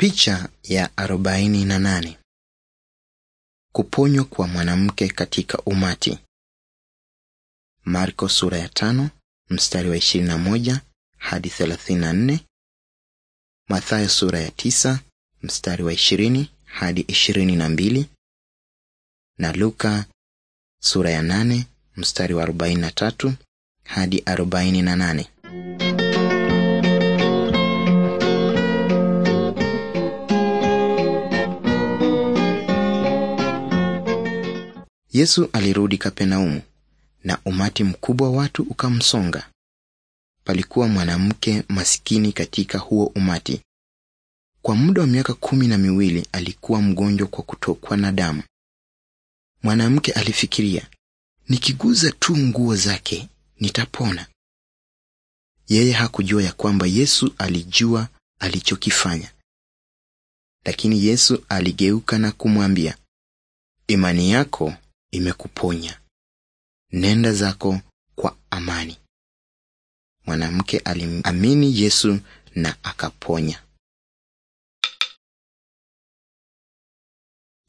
Picha ya 48. Kuponywa kwa mwanamke katika umati. Marko sura ya tano, mstari wa 21 hadi 34. Mathayo sura ya tisa, mstari wa 20 hadi 22 na Luka sura ya 8 mstari wa 43 hadi 48. Yesu alirudi Kapenaumu na umati mkubwa watu ukamsonga. Palikuwa mwanamke masikini katika huo umati. Kwa muda wa miaka kumi na miwili alikuwa mgonjwa kwa kutokwa na damu. Mwanamke alifikiria, nikiguza tu nguo zake nitapona. Yeye hakujua ya kwamba Yesu alijua alichokifanya. Lakini Yesu aligeuka na kumwambia, imani yako imekuponya. Nenda zako kwa amani. Mwanamke alimamini Yesu na akaponya.